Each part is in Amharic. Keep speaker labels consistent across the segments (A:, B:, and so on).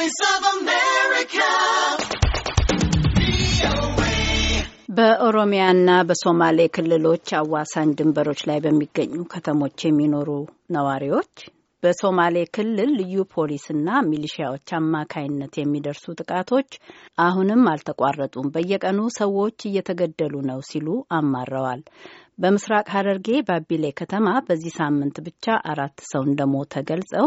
A: Voice of America. በኦሮሚያና በሶማሌ ክልሎች አዋሳኝ ድንበሮች ላይ በሚገኙ ከተሞች የሚኖሩ ነዋሪዎች በሶማሌ ክልል ልዩ ፖሊስና ሚሊሺያዎች አማካይነት የሚደርሱ ጥቃቶች አሁንም አልተቋረጡም፣ በየቀኑ ሰዎች እየተገደሉ ነው ሲሉ አማረዋል። በምስራቅ ሐረርጌ ባቢሌ ከተማ በዚህ ሳምንት ብቻ አራት ሰው እንደሞተ ገልጸው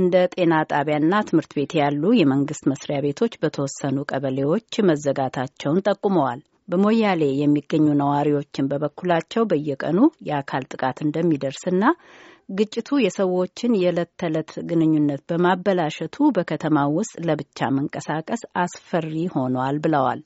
A: እንደ ጤና ጣቢያና ትምህርት ቤት ያሉ የመንግስት መስሪያ ቤቶች በተወሰኑ ቀበሌዎች መዘጋታቸውን ጠቁመዋል። በሞያሌ የሚገኙ ነዋሪዎችን በበኩላቸው በየቀኑ የአካል ጥቃት እንደሚደርስና ግጭቱ የሰዎችን የዕለት ተዕለት ግንኙነት በማበላሸቱ በከተማው ውስጥ ለብቻ መንቀሳቀስ አስፈሪ ሆኗል ብለዋል።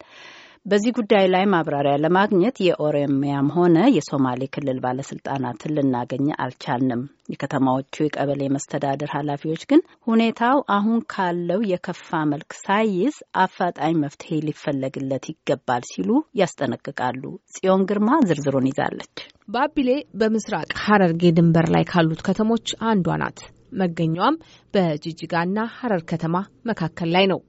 A: በዚህ ጉዳይ ላይ ማብራሪያ ለማግኘት የኦሮሚያም ሆነ የሶማሌ ክልል ባለስልጣናትን ልናገኝ አልቻልንም። የከተማዎቹ የቀበሌ መስተዳደር ኃላፊዎች ግን ሁኔታው አሁን ካለው የከፋ መልክ ሳይዝ አፋጣኝ መፍትሄ ሊፈለግለት ይገባል ሲሉ ያስጠነቅቃሉ። ጽዮን ግርማ ዝርዝሩን ይዛለች።
B: ባቢሌ በምስራቅ ሀረርጌ ድንበር ላይ ካሉት ከተሞች አንዷ ናት። መገኛዋም በጂጂጋና ሀረር ከተማ መካከል ላይ ነው።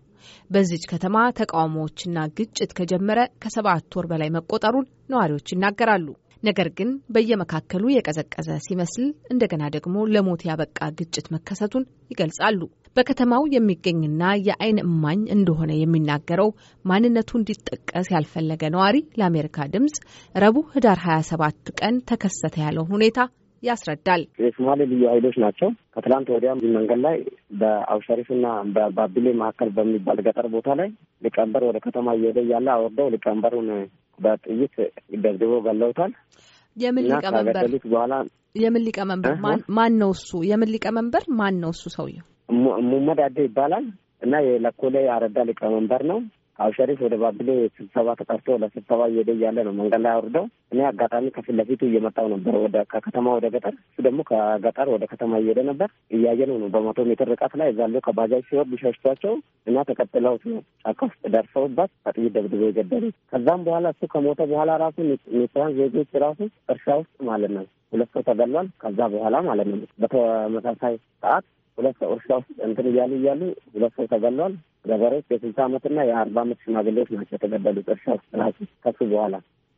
B: በዚች ከተማ ተቃውሞዎችና ግጭት ከጀመረ ከሰባት ወር በላይ መቆጠሩን ነዋሪዎች ይናገራሉ። ነገር ግን በየመካከሉ የቀዘቀዘ ሲመስል እንደገና ደግሞ ለሞት ያበቃ ግጭት መከሰቱን ይገልጻሉ። በከተማው የሚገኝና የአይን እማኝ እንደሆነ የሚናገረው ማንነቱ እንዲጠቀስ ያልፈለገ ነዋሪ ለአሜሪካ ድምፅ ረቡዕ ህዳር 27 ቀን ተከሰተ ያለውን ሁኔታ ያስረዳል።
C: የሶማሌ ልዩ ኃይሎች ናቸው ከትላንት ወዲያም መንገድ ላይ በአውሸሪፍና በባቢሌ መካከል በሚባል ገጠር ቦታ ላይ ሊቀመንበር ወደ ከተማ እየሄደ እያለ አወርደው ሊቀመንበሩን በጥይት ደብድቦ ገለውታል።
B: የምን ሊቀመንበር በኋላ የምን ሊቀመንበር ማን ነው እሱ? የምን ሊቀመንበር ማን ነው እሱ? ሰውየው
C: ሙመድ አደ ይባላል እና የለኮሌ አረዳ ሊቀመንበር ነው። አውሸሪፍ ወደ ባቢሌ ስብሰባ ተጠርቶ ለስብሰባ እየሄደ እያለ ነው መንገድ ላይ አውርደው። እኔ አጋጣሚ ከፊት ለፊቱ እየመጣው ነበር ወደ ከከተማ ወደ ገጠር፣ እሱ ደግሞ ከገጠር ወደ ከተማ እየሄደ ነበር። እያየ ነው በመቶ ሜትር ርቀት ላይ እዛለው ከባጃጅ ሲወርድ ሸሽቷቸው እና ተቀጥለውት ነው ጫካ ውስጥ ደርሰውባት በጥይት ደብድበው የገደሉት። ከዛም በኋላ እሱ ከሞተ በኋላ ራሱ ኔትራን ዜጎች ራሱ እርሻ ውስጥ ማለት ነው ሁለት ሰው ተገሏል። ከዛ በኋላ ማለት ነው በተመሳሳይ ሰዓት ሁለት ሰው እርሻ ውስጥ እንትን እያሉ እያሉ ሁለት ሰው ተገሏል። ገበሬዎች የስልሳ አመትና የአርባ አመት ሽማግሌዎች ናቸው የተገደሉት። እርሻ ውስጥ ራሱ ከሱ በኋላ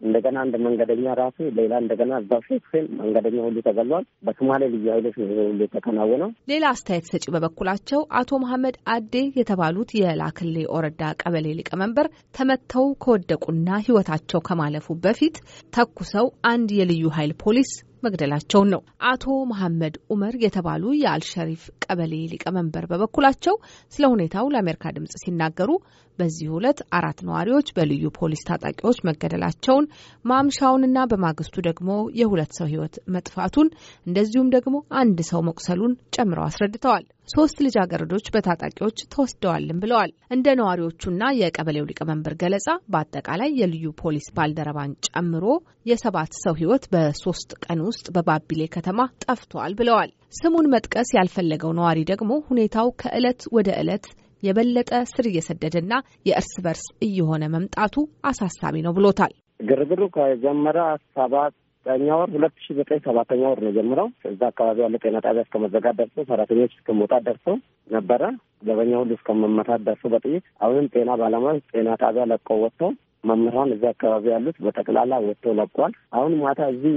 C: እንደገና አንድ መንገደኛ ራሱ ሌላ እንደገና እዛው ሼክፌል መንገደኛ ሁሉ ተገሏል። በሶማሌ ልዩ ኃይሎች ነው ሁሉ የተከናወነው።
B: ሌላ አስተያየት ሰጪ በበኩላቸው አቶ መሀመድ አዴ የተባሉት የላክሌ ኦረዳ ቀበሌ ሊቀመንበር ተመተው ከወደቁና ህይወታቸው ከማለፉ በፊት ተኩሰው አንድ የልዩ ኃይል ፖሊስ መግደላቸውን ነው። አቶ መሐመድ ኡመር የተባሉ የአልሸሪፍ ቀበሌ ሊቀመንበር በበኩላቸው ስለ ሁኔታው ለአሜሪካ ድምጽ ሲናገሩ በዚህ ሁለት አራት ነዋሪዎች በልዩ ፖሊስ ታጣቂዎች መገደላቸውን ማምሻውንና በማግስቱ ደግሞ የሁለት ሰው ሕይወት መጥፋቱን እንደዚሁም ደግሞ አንድ ሰው መቁሰሉን ጨምረው አስረድተዋል። ሶስት ልጃገረዶች በታጣቂዎች ተወስደዋልም ብለዋል። እንደ ነዋሪዎቹና የቀበሌው ሊቀመንበር ገለጻ በአጠቃላይ የልዩ ፖሊስ ባልደረባን ጨምሮ የሰባት ሰው ሕይወት በሶስት ቀን ውስጥ በባቢሌ ከተማ ጠፍቷል ብለዋል። ስሙን መጥቀስ ያልፈለገው ነዋሪ ደግሞ ሁኔታው ከዕለት ወደ ዕለት የበለጠ ስር እየሰደደና የእርስ በርስ እየሆነ መምጣቱ አሳሳቢ ነው ብሎታል።
C: ግርግሩ ከጀመረ ሰባት ዘጠኛ ወር ሁለት ሺ ዘጠኝ ሰባተኛ ወር ነው ጀምረው እዛ አካባቢ ያለ ጤና ጣቢያ እስከመዘጋት ደርሰው ሰራተኞች እስከመውጣት ደርሰው ነበረ። ዘበኛ ሁሉ እስከመመታት ደርሰው በጥይት አሁንም ጤና ባለሙያ ጤና ጣቢያ ለቀው ወጥተው መምህራን እዚ አካባቢ ያሉት በጠቅላላ ወጥቶ ለቋል። አሁን ማታ እዚህ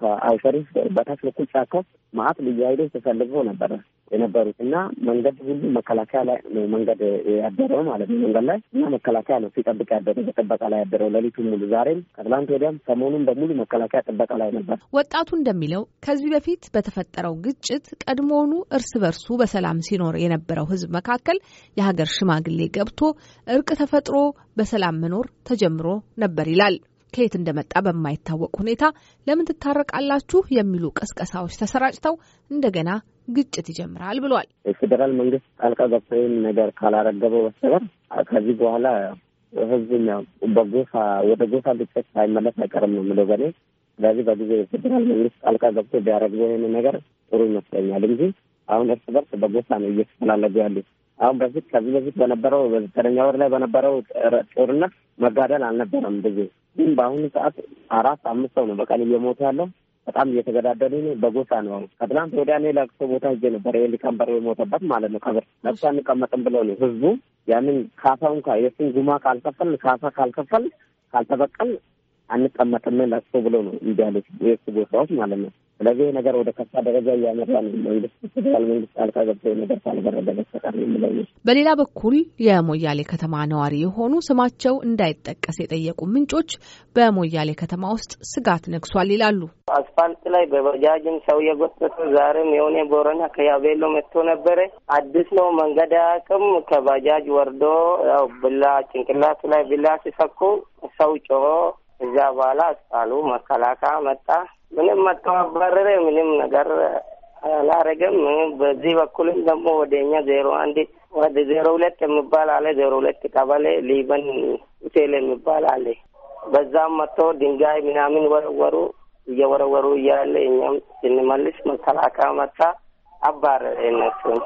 C: ከአውሸሪፍ በታች በኩል ጫካ ማአት ልዩ ኃይሎች ተሰልፈው ነበረ የነበሩት እና መንገድ ሁሉ መከላከያ ላይ ነው መንገድ ያደረው ማለት ነው። መንገድ ላይ እና መከላከያ ነው ሲጠብቅ ያደረው በጥበቃ ላይ ያደረው ሌሊቱ ሙሉ፣ ዛሬም ከትላንት ወዲያም ሰሞኑን በሙሉ መከላከያ ጥበቃ ላይ ነበር።
B: ወጣቱ እንደሚለው ከዚህ በፊት በተፈጠረው ግጭት ቀድሞውኑ እርስ በርሱ በሰላም ሲኖር የነበረው ህዝብ መካከል የሀገር ሽማግሌ ገብቶ እርቅ ተፈጥሮ በሰላም መኖር ተጀ ጀምሮ ነበር ይላል። ከየት እንደመጣ በማይታወቅ ሁኔታ ለምን ትታረቃላችሁ የሚሉ ቀስቀሳዎች ተሰራጭተው እንደገና ግጭት ይጀምራል ብሏል።
C: የፌዴራል መንግስት ጣልቃ ገብቶ ይህን ነገር ካላረገበው በስተቀር ከዚህ በኋላ ህዝብ በጎሳ ወደ ጎሳ ግጭት ሳይመለስ አይቀርም ነው የምለው በእኔ። ስለዚህ በጊዜ የፌዴራል መንግስት ጣልቃ ገብቶ ቢያረግበው ይህን ነገር ጥሩ ይመስለኛል እንጂ አሁን እርስ በርስ በጎሳ ነው እየተፈላለጉ ያሉት። አሁን በፊት ከዚህ በፊት በነበረው በዘጠነኛ ወር ላይ በነበረው ጦርነት መጋደል አልነበረም ብዙ። ግን በአሁኑ ሰዓት አራት አምስት ሰው ነው በቀን እየሞተ ያለው። በጣም እየተገዳደሉ ነው። በጎሳ ነው። አሁን ከትናንት ወዲያ እኔ ለቅሶ ቦታ ሄጄ ነበር። የሊቀመንበሩ የሞተበት ማለት ነው። ከብር ለቅሶ አንቀመጥም ብለው ነው ህዝቡ ያንን ካሳውን የእሱን ጉማ ካልከፈል ካሳ ካልከፈል ካልተበቀል አንቀመጥም ለሱ ብሎ ነው እንዲ ያሉት የሱ ቦታዎች ማለት ነው። ስለዚህ ነገር ወደ ከፋ ደረጃ እያመራ ነው መንግስት ፌዴራል መንግስት ጣልቃ ገብቶ ነገር ካልበረደ በስተቀር የሚለው
B: በሌላ በኩል የሞያሌ ከተማ ነዋሪ የሆኑ ስማቸው እንዳይጠቀስ የጠየቁ ምንጮች በሞያሌ ከተማ ውስጥ ስጋት ነግሷል ይላሉ።
D: አስፋልት ላይ በባጃጅም ሰው የጎተተ ዛሬም የሆነ ቦረና ከያቤሎ መጥቶ ነበረ። አዲስ ነው መንገድ አያውቅም። ከባጃጅ ወርዶ ያው ብላ ጭንቅላቱ ላይ ብላ ሲሰኩ ሰው ጮሆ እዛ በኋላ አስጣሉ። መከላከያ መጣ። ምንም መተባበረ ምንም ነገር አላረገም። በዚህ በኩልም ደግሞ ወደኛ ዜሮ አንድ ወደ ዜሮ ሁለት የሚባል አለ። ዜሮ ሁለት ቀበሌ ሊበን ሆቴል የሚባል አለ። በዛም መጥቶ ድንጋይ ምናምን ወረወሩ። እየወረወሩ እያለ እኛም ስንመልስ መከላከያ መጣ፣ አባረረ እነሱም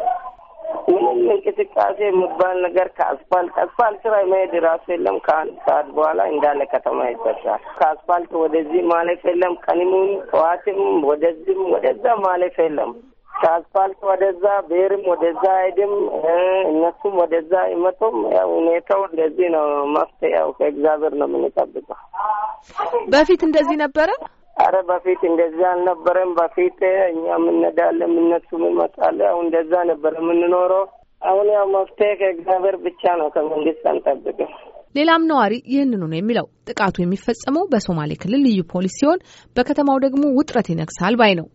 D: ምንም እንቅስቃሴ የሚባል ነገር ከአስፋልት አስፋልት ላይ መሄድ ራሱ የለም። ከአንድ ሰዓት በኋላ እንዳለ ከተማ ይፈሳል። ከአስፋልት ወደዚህ ማለፍ የለም። ቀንሙን ጠዋትም ወደዚህም ወደዛ ማለፍ የለም። ከአስፋልት ወደዛ ብሔርም ወደዛ አይድም እነሱም ወደዛ አይመጡም። ያው ሁኔታው እንደዚህ ነው። መፍትሄ ያው ከእግዚአብሔር ነው የምንጠብቀው። በፊት እንደዚህ ነበረ። አረ በፊት እንደዛ አልነበረም። በፊት እኛ የምነዳለን እነሱም ይመጣሉ። አሁን እንደዛ ነበር የምንኖረው። አሁን ያው መፍትሄ ከእግዚአብሔር ብቻ ነው፣ ከመንግስት አንጠብቅም።
B: ሌላም ነዋሪ ይህንኑ ነው የሚለው። ጥቃቱ የሚፈጸመው በሶማሌ ክልል ልዩ ፖሊስ ሲሆን በከተማው ደግሞ ውጥረት ይነግሳል ባይ ነው።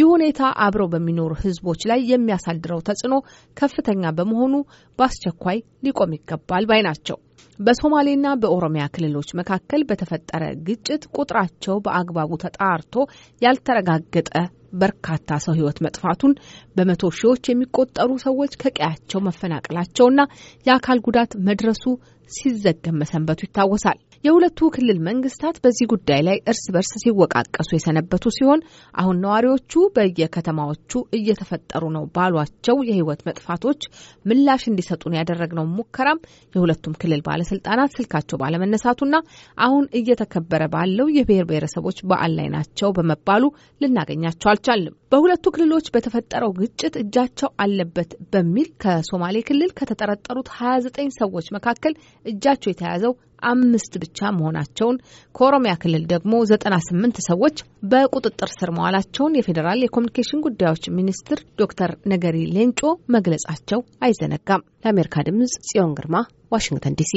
B: ይህ ሁኔታ አብረው በሚኖሩ ህዝቦች ላይ የሚያሳድረው ተጽዕኖ ከፍተኛ በመሆኑ በአስቸኳይ ሊቆም ይገባል ባይ ናቸው። በሶማሌና በኦሮሚያ ክልሎች መካከል በተፈጠረ ግጭት ቁጥራቸው በአግባቡ ተጣርቶ ያልተረጋገጠ በርካታ ሰው ሕይወት መጥፋቱን በመቶ ሺዎች የሚቆጠሩ ሰዎች ከቀያቸው መፈናቀላቸውና የአካል ጉዳት መድረሱ ሲዘገብ መሰንበቱ ይታወሳል። የሁለቱ ክልል መንግስታት በዚህ ጉዳይ ላይ እርስ በርስ ሲወቃቀሱ የሰነበቱ ሲሆን አሁን ነዋሪዎቹ በየከተማዎቹ እየተፈጠሩ ነው ባሏቸው የህይወት መጥፋቶች ምላሽ እንዲሰጡን ያደረግነው ሙከራም የሁለቱም ክልል ባለስልጣናት ስልካቸው ባለመነሳቱና አሁን እየተከበረ ባለው የብሔር ብሔረሰቦች በዓል ላይ ናቸው በመባሉ ልናገኛቸው አልቻልም። በሁለቱ ክልሎች በተፈጠረው ግጭት እጃቸው አለበት በሚል ከሶማሌ ክልል ከተጠረጠሩት 29 ሰዎች መካከል እጃቸው የተያዘው አምስት ብቻ መሆናቸውን ከኦሮሚያ ክልል ደግሞ ዘጠና ስምንት ሰዎች በቁጥጥር ስር መዋላቸውን የፌዴራል የኮሚኒኬሽን ጉዳዮች ሚኒስትር ዶክተር ነገሪ ሌንጮ መግለጻቸው አይዘነጋም። ለአሜሪካ ድምጽ ጽዮን ግርማ ዋሽንግተን ዲሲ